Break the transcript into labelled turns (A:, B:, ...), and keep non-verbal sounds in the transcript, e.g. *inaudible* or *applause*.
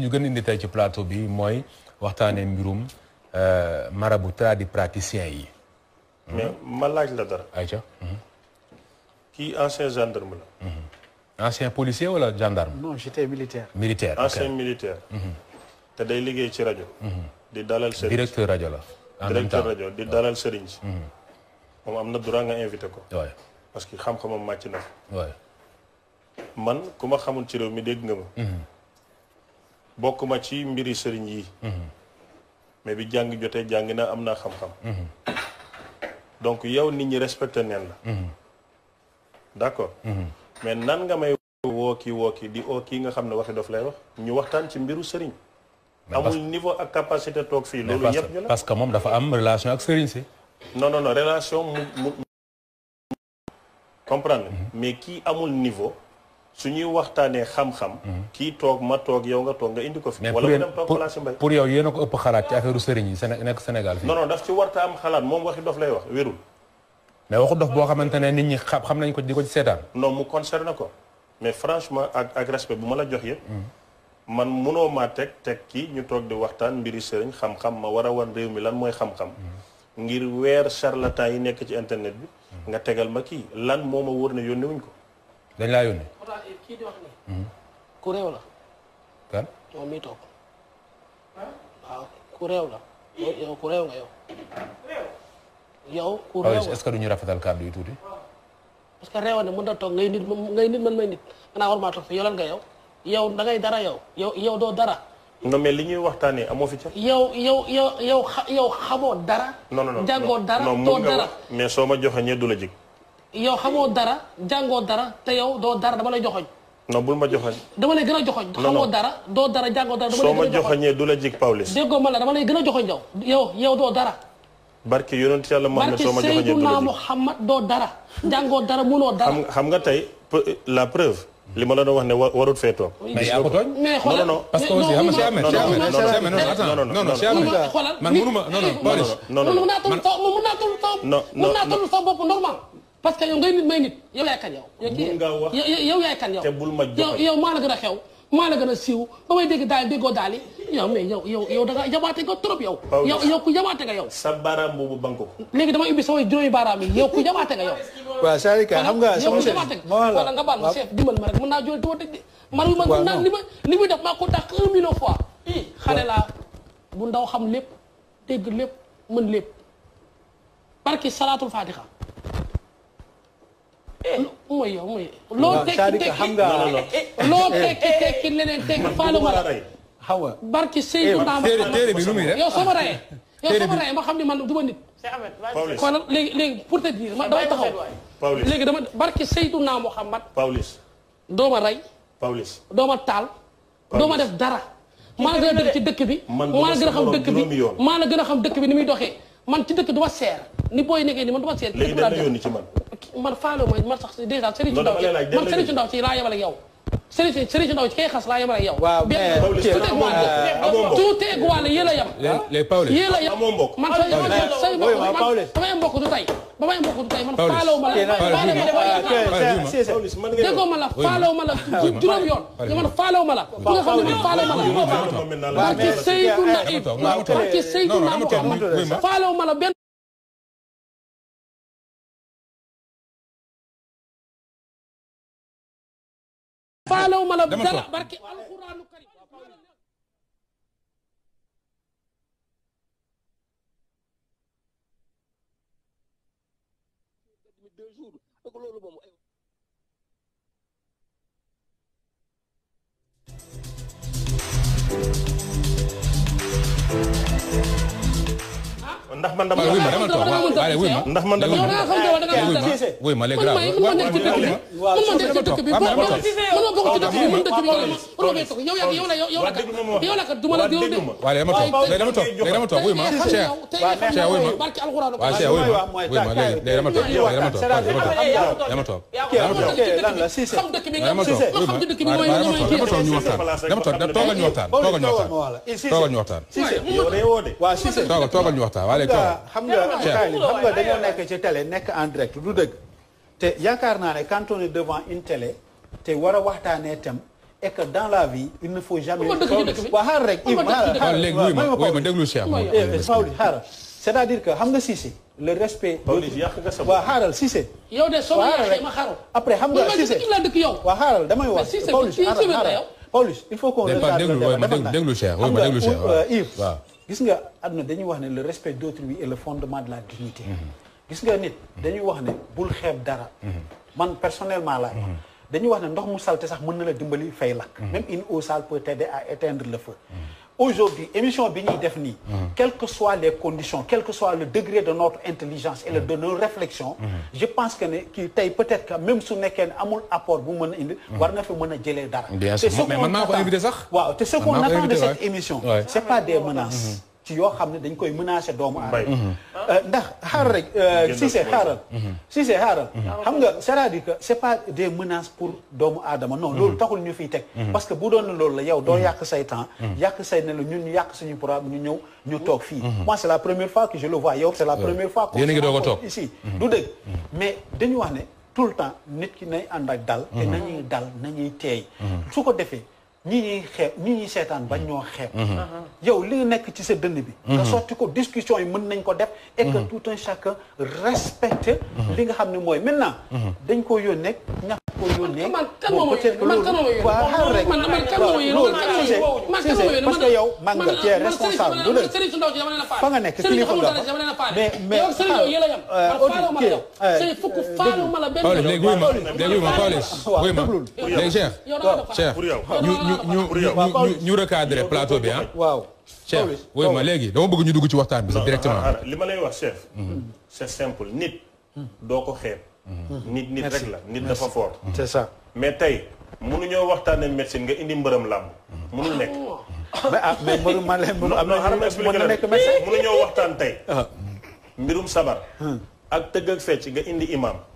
A: ñu gën indi tey ci plateau bi mooy waxtaanee mbirum euh, marabu tradipraticien yi. mais hmm? ma laaj la dara. ayca. Hmm? kii ancien gendarme la. Hmm. ancien policier wala gendarme.
B: non j'étais militaire. militaire ancien
A: militaire. te day liggéey ci rajo. di dalal sëriñ directeur rajo la. en rajo di dalal sëriñ si. moom am na droit nga invité ko. waay parce que xam-xamam màcc na ko. waay man ku xamul ci réew mi dégg nga ma. bokk ma ci mbiri sëriñ yi mhm. mais bi jàng jotee jàng na am naa xam-xam mhm. donc yow nit ñi respecté neen la mhm. d'accord mais nan nga may woo kii woo kii di oo kii nga xam ne waxi daf lay wax ñu waxtaan ci mbiru sëriñ amul niveau ak capacité toog fii loolu yëpp ñu la parce que moom dafa am relation ak sëriñ si non non non relation mu mu comprendre mais kii amul niveau su ñuy waxtaanee xam-xam. Mhm. kii toog ma toog yow nga toog nga indi ko fi. wala mu dem toog pour yow
B: yéen a ko ëpp xalaat ci affaire sëriñ yi nekk Sénégal fii. non
A: non daf ci warta am xalaat moom waxi dof lay wax wérul. mais waxu dof boo xamante ne nit ñi xam xam nañ ko di ko ci seetaan. non mu concerné ko mais franchement ak ak bu ma la jox mhm. man munoo maa teg teg kii ñu toog di waxtaan mbiri sëriñ xam-xam ma war a wan réew mi lan mooy xam-xam. Mhm. ngir weer charlatan yi nekk ci internet bi. nga tegal ma kii lan moo ma wóor ne yónnee ko.
C: dañ laa yónnee. kii di wax hmm. ku réew la. kan moom mi toog. ku réew la. yow ku réew nga yow. yow ku ah réew nga
A: est-ce que du rafetal kàddu yi tuuti.
C: parce que réew ne mën na toog ngay nit ngay nit man may nit xanaa war maa toog nga yow yow da ngay dara yow yow yow doo dara.
A: non mais li ñuy waxtaanee amoo fi ca.
C: yow yow yow yow yow xamoo dara.
A: non non non jàngoo dara doo dara. mais soo ma joxee ñee du la jig
C: yow xamoo dara jàngoo dara te yow doo dara dama lay joxoñ non bul ma joxoñ dama lay gën a joxoñ xamoo dara doo dara jàngoo dara soo ma joxoñee
A: du la jig Pawlish
C: déggoo ma la dama lay gën a joxoñ yow yow yow doo dara
A: barke yonent yàlla Muhammad soo ma joxoñee du la jig barke Seydina
C: Muhammad doo dara jàngoo dara munoo dara
A: xam nga tey la preuve li ma la doon wax ne warut fee toog. mais yaa ko tooñ. mais xoolal non non parce que aussi xam nga
C: non non non non non parce que yow ngay nit may nit yow yaay kan yow. mun ngaa wax yow yaay kan yow. te bul
A: ma joxe yow
C: maa la gën a xew. maa la gën a siiw ba may dégg daal déggoo daal yow mais yow yow yow da nga yabaate nga trop yow. yow yow ku yabaate nga yow.
A: sa baaraam boobu
B: bank ko.
C: léegi dama ubbi samay juróomi baaraam yi yow ku yabaate nga yow.
B: waaw c'est-à-dire que xam nga. sama chef voilà nga baal ma chef
C: dimbal ma rek mën naa jël doo dégg. man man mën naa li ma li muy def maa ko dàq un million fois. i xale laa bu ndaw xam lépp dégg lépp mën lépp barki salaatul fatiha Eh, mooy yow mooy. loo tekki tekki xam nga eh, eh, loo tekki tekki leneen tekki faaluma la. xam nga barki Seydou Ndamb. téere téere bi lu muy rek yow soo ma rayee. yow soo ma rayee ma xam ne man du ma nit. Pawlish kon léegi léegi pour te dire ma damay taxaw. Pawlish léegi dama barki Seydou Ndamb Mouhamad. Pawlish. doo ma rey. Pawlish doo ma taal. doo ma def dara.
B: maa la gën dëkk ci
C: dëkk bi. man maa la gën xam dëkk bi maa la gën a xam dëkk bi ni muy doxe man ci dëkk du ma seer ni booy nekkee ni man du ma seer. léegi dañ la yónni ci man man faalo ma man sax dèjà Serigne Ndaw man Serigne Ndaw ci laa yemal ak yow Serigne Serigne Ndaw ci kay xas laa yemal ak yow waaw mais tout est égal yéen a yem les Paulus yéen a yem man say mbokk damay mbokk du tey ba may mbokk du tey man faalo ma la déggoo ma la faalo ma la juróom yoon nga man faalo ma la bu nga xam ne man faalo
A: ma la parce que Seydou Naib parce que Seydou Naib
C: faalo ma la benn
B: faalewu ma la dara barke
C: alxuraanu karim deux jours ak loolu moom ay Thank you. ndax man dama ndax man dama wuy ma léegi man nekk
A: ci
C: dëkk bi man ma nekk ci dëkk bi man ma bokk ci dëkk bi man dëkk bi man la may toog yow yaa yow la yow la ka yow la ka duma la yow de waaye dama toog léegi dama toog léegi dama toog wuy ma Cheikh Cheikh wuy ma barki alxuraan waaye Cheikh wuy ma wuy ma léegi léegi dama toog léegi dama toog dama toog
B: xam dëkk bi nga xam dëkk bi mooy dama toog ñu waxtaan dama toog toogal ñu waxtaan toogal ñu waxtaan toogal ñu waxtaan toogal ñu waxtaan télé xam nga xam nga dañoo nekk ci télé nekk en direct du dëgg te yaakaar naa ne quand on est devant une télé te war a waxtaanee thème et que dans la vie il ne faut jamais waa xaar rek Yves léegi déglu Cheikh Mawli eh, xaaral c'est-à-dire que xam nga Cissé le respect waa xaaral Cissé yow de
C: soo yàqee ma xaaral
B: après xam nga Cissé waa xaaral damay wax Paulus Paulus il faut qu'on regarde déglu Cheikh euh, Yves gis nga àdduna dañuy wax ne le respect d'autrui est le fondement de la dignité mhm. gis nga nit dañuy wax ne bul xeeb dara mhm. man personnellement laay wax mhm. dañuy wax ne ndox mu salte sax mën na la dimbali fay lakk même une eau sale peut t'aider à éteindre le feu aujourd'hui émission bi ñuy def nii quelles que soient les conditions quel que soit le degré de notre intelligence et le de nos réflexions je pense que ne kii tey peut-être que même su nekkee ne amul apport bu mën a indi war nga fi mën a jëlee dara te ce qu'on attend waaw te ce qu'on attend de cette émission c'est pas des menaces ci yoo xam ne dañ koy menacer doomu aadama mhm. euh, ndax xaaral rek euh, mhm. Cissé xaaral Cissé mhm. xaaral xam nga c'est-à-dire que c'est pas des menaces pour doomu aadama non loolu taxul ñu fiy teg parce que bu doon loolu la yow doo yàq say temps yàq say ne la ñun ñu yàq suñu programme ñu ñëw ñu toog fii moi c'est la première fois que je le vois yow c'est la première fois qu'on toog ici du dëgg mais dañu wax ne tout le temps nit ki nay ànd ak dal te nañuy dal nañuy teey su ko defee ñi ñuy xeeb ñi ñuy seetaan bañ ñoo xeeb mhm. uh-huh. yow li nekk ci sa dënn bi mhm. nga sotti ko discussion yi mën nañ ko def et que mhm. tout un chacun respecte li nga xam ne mooy maintenant dañ koo yónnee ñàkk
C: ko yónnee bon peut-être que loolu waa xaar rek loolu c'est parce que yow man nga tu es responsable du la fa nga nekk kilifa nga mais mais ah, euh, fukk euh, euh, ah, ma la benn léegi ma léegi ma
B: léegi ma léegi ma ñu ñu recadrer plateau bi ah. waaw chef wooy ma léegi dama bëgg ñu dugg ci waxtaan bi sax directement.
A: li ma lay wax chef. Mhm. c'est simple nit. doo ko xeeb. Mhm. nit nit rek la nit dafa fort. Mhm. c'est ça mais tey mënuñoo waxtaanee médecine nga indi mbërëm làmb mënul nekk. Oh. *laughs* mais ah mais mbëru ma am na mën na nekk médecin mënuñoo waxtaan tey. Ah. mbirum sabar. Hmm. ak tëgg ak fecc nga indi imam.